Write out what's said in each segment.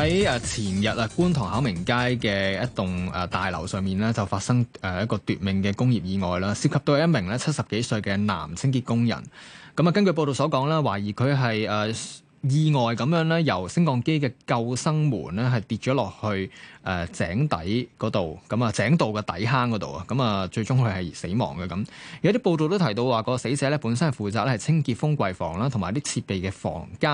喺啊前日啊觀塘巧明街嘅一棟誒大樓上面咧，就發生誒一個奪命嘅工業意外啦，涉及到一名咧七十幾歲嘅男清潔工人。咁啊，根據報道所講咧，懷疑佢係誒，意外咁樣咧，由升降機嘅救生門咧，係跌咗落去誒井底嗰度，咁、嗯、啊井道嘅底坑嗰度啊，咁、嗯、啊、嗯、最終佢係死亡嘅咁。有啲報道都提到話，個死者咧本身係負責咧係清潔風櫃房啦，同埋啲設備嘅房間。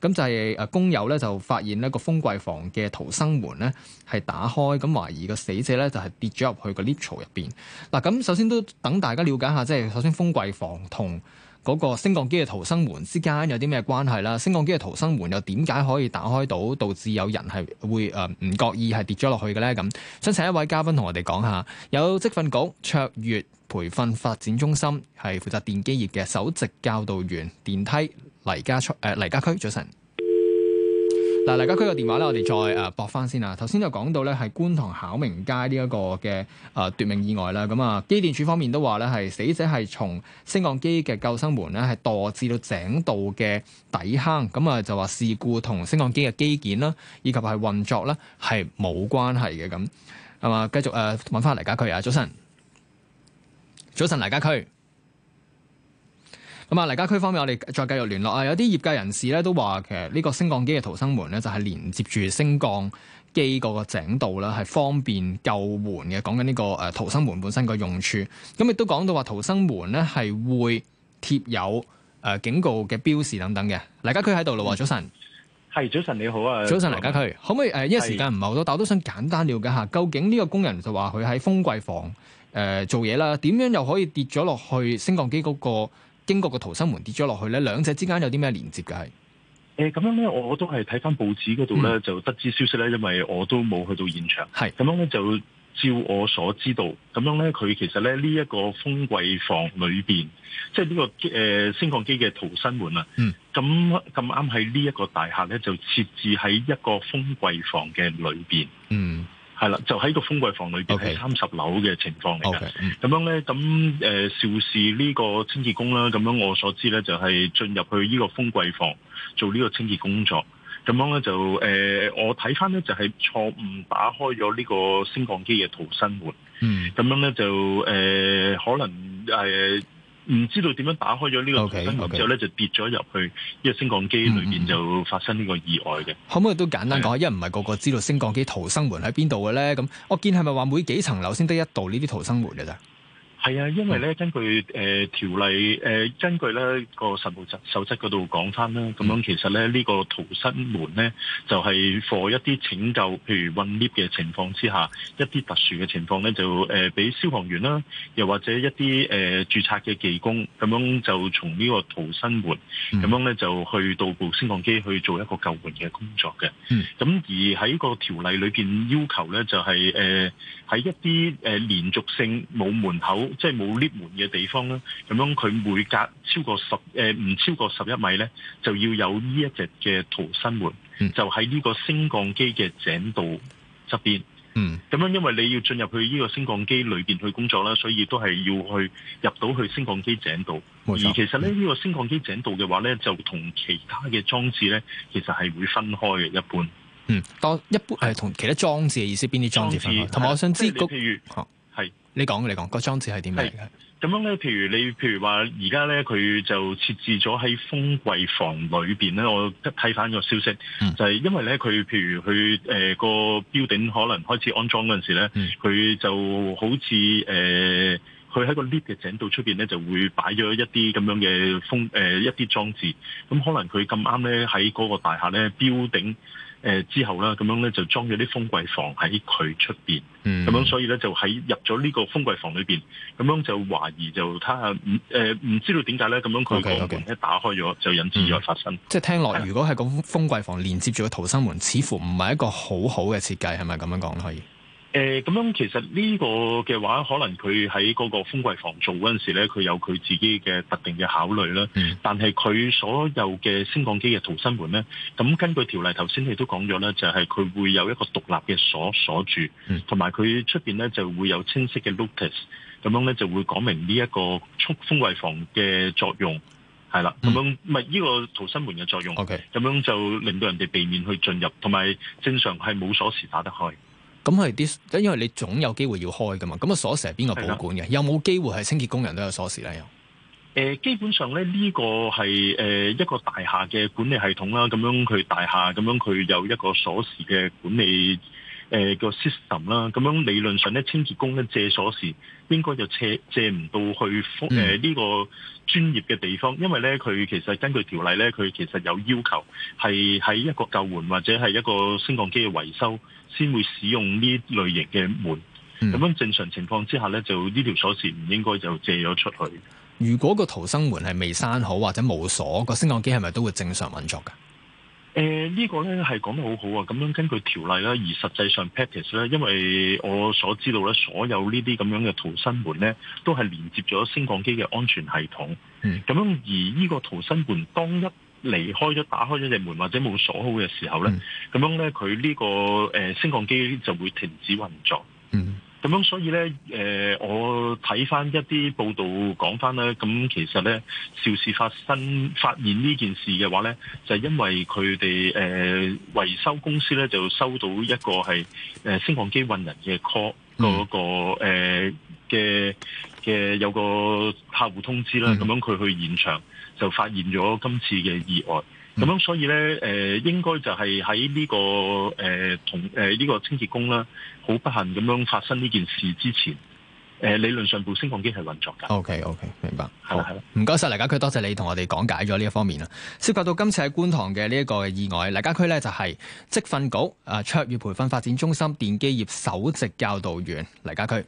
咁就係誒工友咧就發現呢個風櫃房嘅逃生門咧係打開，咁懷疑個死者咧就係跌咗入去個 lift 槽入邊。嗱，咁首先都等大家了解一下，即係首先風櫃房同嗰個升降機嘅逃生門之間有啲咩關係啦？升降機嘅逃生門又點解可以打開到，導致有人係會唔覺意係跌咗落去嘅咧？咁，想請一位嘉賓同我哋講下。有職訓局卓越培訓發展中心係負責電機業嘅首席教導員，電梯黎家駒、呃、黎家駒，早晨。嗱，黎家駒嘅電話咧，我哋再誒駁翻先啦。頭先就講到咧，係觀塘巧明街呢一個嘅誒奪命意外啦。咁啊，機電署方面都話咧，係死者係從升降機嘅救生門咧，係墮至到井道嘅底坑。咁啊，就話事故同升降機嘅機件啦，以及係運作啦，係冇關係嘅。咁係嘛，繼續誒，揾翻黎家駒啊，早晨，早晨，黎家駒。咁啊，黎家駒方面，我哋再繼續聯絡啊。有啲業界人士咧都話，其實呢個升降機嘅逃生門咧就係連接住升降機嗰個井道啦，係方便救援嘅。講緊呢個誒逃生門本身個用處。咁亦都講到話逃生門咧係會貼有警告嘅標示等等嘅。黎家駒喺度啦，早晨係早晨，你好啊，早晨黎、啊、家駒，可唔可以因為是、uh, 時間唔係好多，但我都想簡單了解下究竟呢個工人就話佢喺風櫃房、呃、做嘢啦，點樣又可以跌咗落去升降機嗰、那個？英國嘅逃生門跌咗落去咧，兩者之間有啲咩連接嘅係？誒，咁樣咧，我都係睇返報紙嗰度咧，就得知消息咧，因為我都冇去到現場。係咁樣咧，就照我所知道，咁樣咧，佢其實咧呢、這個呃、一個風櫃房裏邊，即係呢個誒升降機嘅逃生門啊。嗯。咁咁啱喺呢一個大廈咧，就設置喺一個風櫃房嘅裏邊。嗯。係啦，就喺個風櫃房裏邊係三十樓嘅情況嚟㗎。咁 Okay. 樣咧，咁誒肇事呢個清潔工啦。咁樣我所知咧，就係進入去呢個風櫃房做呢個清潔工作。咁樣咧就誒、呃，我睇返咧就係錯誤打開咗呢個升降機嘅逃生門。咁、mm. 樣咧就誒、呃，可能、呃唔知道點樣打開咗呢個逃生門咁之後咧，okay, okay. 就跌咗入去呢個升降機裏面就發生呢個意外嘅。可唔可以都簡單講下？因為唔係個個知道升降機逃生門喺邊度嘅咧？咁我見係咪話每幾層樓先得一度呢啲逃生門嘅咋？係啊，因為咧根據誒條、呃、例誒、呃，根據咧個、呃、實務質守則嗰度講返啦，咁樣、嗯、其實咧呢、這個逃生門咧就係、是、for 一啲拯救，譬如困 lift 嘅情況之下，一啲特殊嘅情況咧就誒俾、呃、消防員啦，又或者一啲誒註冊嘅技工咁樣就從呢個逃生門咁、嗯、樣咧就去到部升降機去做一個救援嘅工作嘅。咁、嗯、而喺個條例裏面要求咧就係誒喺一啲誒、呃、連續性冇門口，即係冇 𨋢 門嘅地方咧，咁樣佢每隔超過十誒唔超過十一米咧，就要有呢一隻嘅逃生門，就喺呢個升降機嘅井道側邊。嗯，咁樣因為你要進入去呢個升降機裏邊去工作啦，所以都係要去入到去升降機井道。而其實咧，呢個升降機井道嘅冇錯、這個、話咧，就同其他嘅裝置咧，其實係會分開嘅一般。嗯，當一般係同其他裝置嘅意思，邊啲裝置分開？同埋置我想知道。係，你講你講個裝置係點樣？係咁樣咧，譬如你譬如話，而家咧佢就設置咗喺風櫃房裏邊咧。我即睇翻個消息，嗯、就係因為咧佢譬如佢誒、呃那個標頂可能開始安裝嗰陣時咧，佢、嗯、就好似誒佢喺個 lift 嘅井道出邊咧就會擺咗一啲咁樣嘅風誒、呃、一啲裝置，咁可能佢咁啱咧喺嗰個大廈咧標頂。誒之後啦，咁樣咧就裝咗啲封櫃房喺佢出邊，嗯、咁樣所以咧就喺入咗呢個封櫃房裏面。咁樣就懷疑就睇下唔誒唔知道點解咧，咁樣佢個門一打開咗就引致意外發生。嗯、即係聽落，如果係個封櫃房連接住個逃生門，吧似乎唔係一個好好嘅設計，係咪咁樣講可以？誒，咁樣、呃、其實呢個嘅話，可能佢喺嗰個封櫃房做嗰陣時咧，佢有佢自己嘅特定嘅考慮啦。嗯、但係佢所有嘅升降機嘅逃生門咧，咁根據條例，頭先你都講咗咧，就係、是、佢會有一個獨立嘅鎖鎖住，同埋佢出邊咧就會有清晰嘅 notice 咁樣咧就會講明呢一個出封櫃房嘅作用係啦。咁樣唔係呢個逃生門嘅作用，咁樣就令到人哋避免去進入，同埋正常係冇鎖匙打得開。咁係啲，因為你總有機會要開噶嘛。咁個鎖匙係邊個保管嘅？是的 有冇機會係清潔工人都有鎖匙咧？有？誒，基本上咧，呢個係誒一個大廈嘅管理系統啦。咁樣佢大廈，咁樣佢有一個鎖匙嘅管理。誒個 system 啦，咁樣、呃、理論上咧，清潔工咧借鎖匙應該就借借唔到去誒呢、呃呢個專業嘅地方，因為咧佢其實根據條例咧，佢其實有要求係喺一個救援或者係一個升降機嘅維修先會使用呢類型嘅門。咁、嗯、樣正常情況之下咧，就呢條鎖匙唔應該就借咗出去。如果個逃生門係未閂好或者冇鎖，個升降機係咪都會正常運作㗎？誒、呃這個、呢個咧係講得好好啊！咁樣根據條例啦，而實際上 practice 咧，因為我所知道咧，所有呢啲咁樣嘅逃生門咧，都係連接咗升降機嘅安全系統。嗯，咁樣而呢個逃生門當一離開咗、打開咗隻門或者冇鎖好嘅時候咧，咁、嗯、樣咧佢呢它、這個誒、呃、升降機就會停止運作。嗯。咁樣所以咧，誒、呃，我睇翻一啲報道講翻咧，咁其實咧，肇事發生發現呢件事嘅話咧，就係、因為佢哋誒維修公司咧就收到一個係誒升降機運人嘅 call 嗰、嗯嗰個嘅嘅、呃、有個客戶通知啦，咁樣佢去現場。嗯就發現咗今次嘅意外，咁樣所以呢，誒、呃、應該就係喺呢個誒同誒呢個清潔工啦，好不幸咁樣發生呢件事之前，誒、呃、理論上部升降機係運作嘅。OK OK，明白。係啦，係啦。好，唔該晒黎家駒，多謝你同我哋講解咗呢一方面啊。涉及到今次喺觀塘嘅呢一個意外，黎家駒呢就係、是、職訓局啊卓越培訓發展中心電機業首席教導員黎家駒。